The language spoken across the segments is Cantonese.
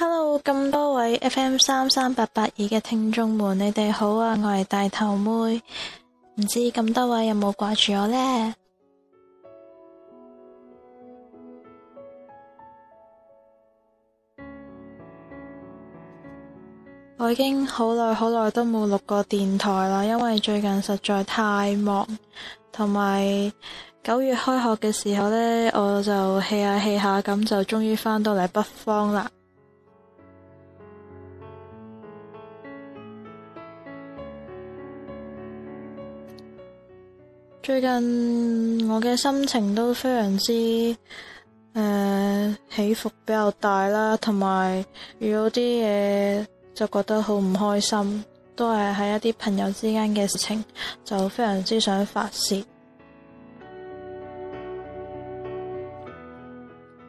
hello，咁多位 FM 三三八八二嘅聽眾們，你哋好啊！我係大頭妹，唔知咁多位有冇掛住我呢？ 我已經好耐好耐都冇錄過電台啦，因為最近實在太忙，同埋九月開學嘅時候咧，我就氣下氣下咁，就終於翻到嚟北方啦。最近我嘅心情都非常之、呃、起伏比較大啦，同埋遇到啲嘢就覺得好唔開心，都係喺一啲朋友之間嘅事情就非常之想發洩。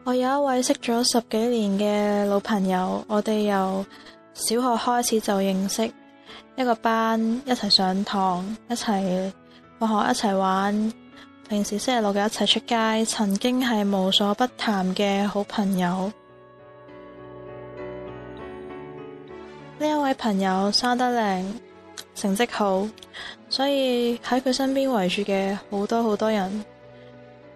我有一位識咗十幾年嘅老朋友，我哋由小學開始就認識，一個班一齊上堂一齊。放學一齊玩，平時星期六嘅一齊出街，曾經係無所不談嘅好朋友。呢一 位朋友生得靚，成績好，所以喺佢身邊圍住嘅好多好多人，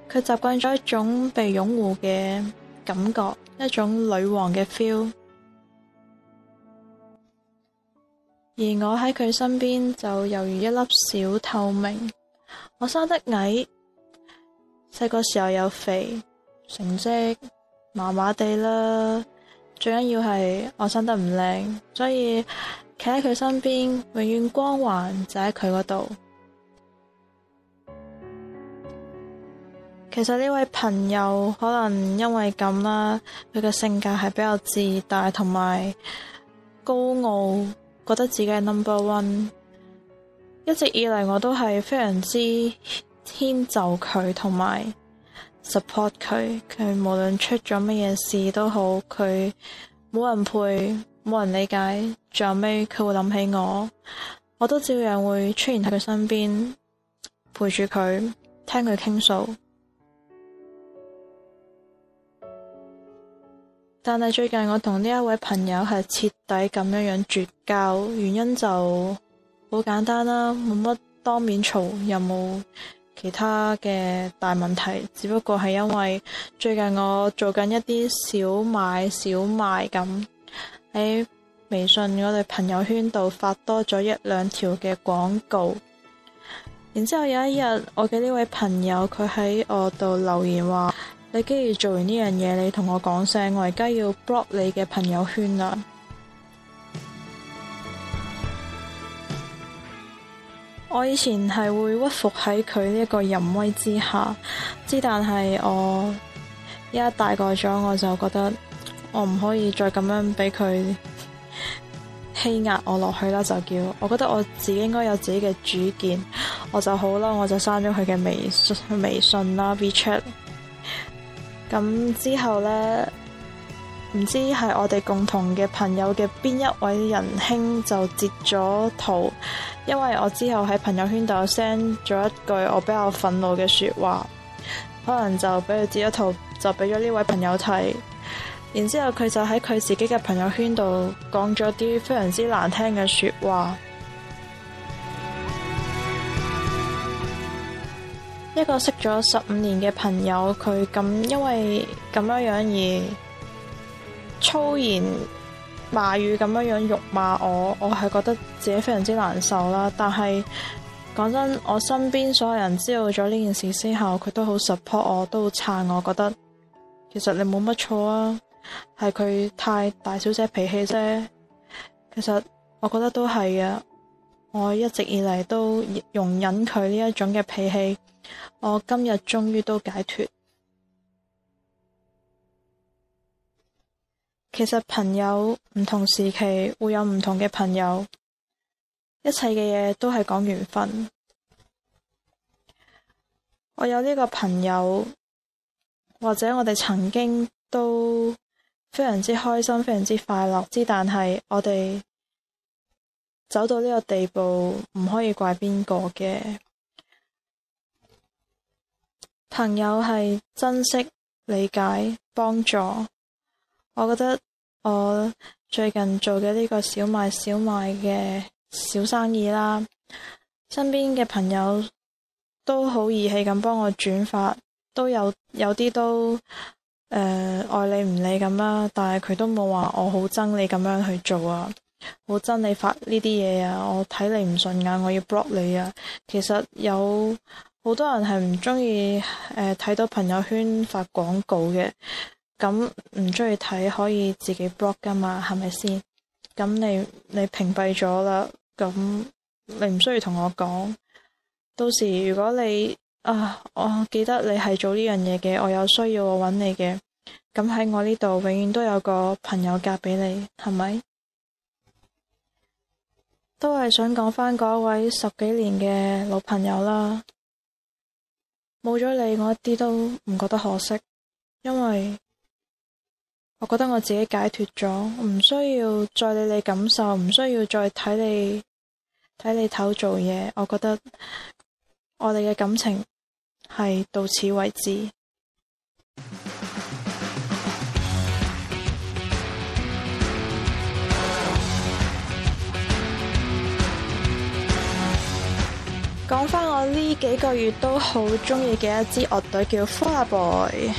佢習慣咗一種被擁護嘅感覺，一種女王嘅 feel。而我喺佢身邊就猶如一粒小透明。我生得矮，細個時候又肥，成績麻麻地啦。最緊要係我生得唔靚，所以企喺佢身邊，永遠光環就喺佢嗰度。其實呢位朋友可能因為咁啦，佢嘅性格係比較自大同埋高傲。覺得自己係 number one，一直以嚟，我都係非常之遷就佢，同埋 support 佢。佢無論出咗乜嘢事都好，佢冇人陪，冇人理解，最後尾佢會諗起我，我都照樣會出現喺佢身邊，陪住佢，聽佢傾訴。但係最近我同呢一位朋友係徹底咁樣樣絕交，原因就好簡單啦，冇乜當面嘈，又冇其他嘅大問題，只不過係因為最近我做緊一啲小買小賣，咁喺微信我哋朋友圈度發多咗一兩條嘅廣告，然之後有一日我嘅呢位朋友佢喺我度留言話。你既然做完呢樣嘢，你同我講聲，我而家要 block 你嘅朋友圈啦。 我以前係會屈服喺佢呢一個淫威之下，之但係我而家大個咗，我就覺得我唔可以再咁樣畀佢欺壓我落去啦。就叫我覺得我自己應該有自己嘅主見，我就好啦，我就刪咗佢嘅微信微信啦，WeChat。咁之後呢，唔知係我哋共同嘅朋友嘅邊一位仁兄就截咗圖，因為我之後喺朋友圈度 send 咗一句我比較憤怒嘅説話，可能就俾佢截咗圖，就俾咗呢位朋友睇，然之後佢就喺佢自己嘅朋友圈度講咗啲非常之難聽嘅説話。一個識咗十五年嘅朋友，佢咁因為咁樣樣而粗言罵語咁樣樣辱罵我，我係覺得自己非常之難受啦。但係講真，我身邊所有人知道咗呢件事之後，佢都好 support 我，都好撐我。覺得其實你冇乜錯啊，係佢太大小姐脾氣啫。其實我覺得都係啊，我一直以嚟都容忍佢呢一種嘅脾氣。我今日終於都解脫。其實朋友唔同時期會有唔同嘅朋友，一切嘅嘢都係講緣分。我有呢個朋友，或者我哋曾經都非常之開心、非常之快樂之，但係我哋走到呢個地步，唔可以怪邊個嘅。朋友係珍惜、理解、幫助。我覺得我最近做嘅呢個小賣小賣嘅小生意啦，身邊嘅朋友都好義氣咁幫我轉發，都有有啲都誒、呃、愛你唔理咁啦。但係佢都冇話我好憎你咁樣去做啊，好憎你發呢啲嘢啊，我睇你唔順眼，我要 block 你啊。其實有。好多人係唔中意，誒睇到朋友圈發廣告嘅。咁唔中意睇可以自己 block 噶嘛，係咪先？咁你你屏蔽咗啦，咁你唔需要同我講。到時如果你啊，我記得你係做呢樣嘢嘅，我有需要我揾你嘅，咁喺我呢度永遠都有個朋友價俾你，係咪？都係想講翻嗰位十幾年嘅老朋友啦。冇咗你，我一啲都唔覺得可惜，因為我覺得我自己解脫咗，唔需要再理你感受，唔需要再睇你睇你頭做嘢。我覺得我哋嘅感情係到此為止。講返我呢幾個月都好中意嘅一支樂隊叫 Far Boy。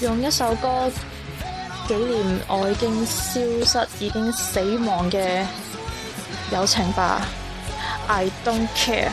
用一首歌，紀念我已經消失、已經死亡嘅友情吧。I don't care。